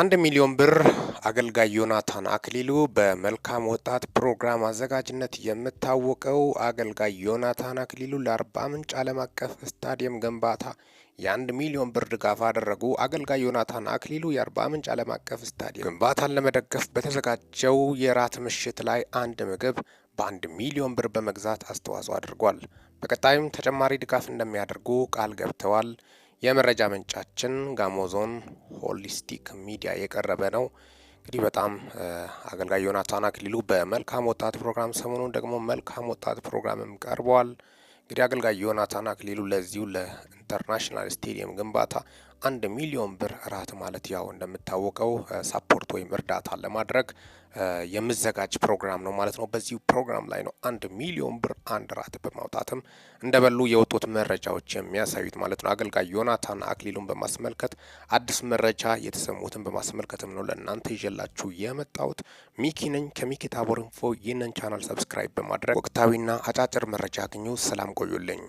አንድ ሚሊዮን ብር አገልጋይ ዮናታን አክሊሉ በመልካም ወጣት ፕሮግራም አዘጋጅነት የምታወቀው አገልጋይ ዮናታን አክሊሉ ለአርባ ምንጭ ዓለም አቀፍ ስታዲየም ግንባታ የአንድ ሚሊዮን ብር ድጋፍ አደረጉ። አገልጋይ ዮናታን አክሊሉ የአርባ ምንጭ ዓለም አቀፍ ስታዲየም ግንባታን ለመደገፍ በተዘጋጀው የራት ምሽት ላይ አንድ ምግብ በአንድ ሚሊዮን ብር በመግዛት አስተዋጽኦ አድርጓል። በቀጣይም ተጨማሪ ድጋፍ እንደሚያደርጉ ቃል ገብተዋል። የመረጃ ምንጫችን ጋሞ ዞን ሆሊስቲክ ሚዲያ የቀረበ ነው። እንግዲህ በጣም አገልጋይ ዮናታን አክሊሉ በመልካም ወጣት ፕሮግራም ሰሞኑን ደግሞ መልካም ወጣት ፕሮግራምም ቀርበዋል። እንግዲህ አገልጋይ ዮናታን አክሊሉ ለዚሁ ኢንተርናሽናል ስቴዲየም ግንባታ አንድ ሚሊዮን ብር ራት ማለት ያው እንደምታወቀው ሳፖርት ወይም እርዳታ ለማድረግ የምዘጋጅ ፕሮግራም ነው ማለት ነው። በዚህ ፕሮግራም ላይ ነው አንድ ሚሊዮን ብር አንድ ራት በማውጣትም እንደበሉ የወጡት መረጃዎች የሚያሳዩት ማለት ነው። አገልጋይ ዮናታን አክሊሉን በማስመልከት አዲስ መረጃ የተሰሙትን በማስመልከትም ነው ለእናንተ ይዤላችሁ የመጣሁት። ሚኪ ነኝ ከሚኪ ታቦር ኢንፎ። ይህንን ቻናል ሰብስክራይብ በማድረግ ወቅታዊና አጫጭር መረጃ አግኙ። ሰላም ቆዩልኝ።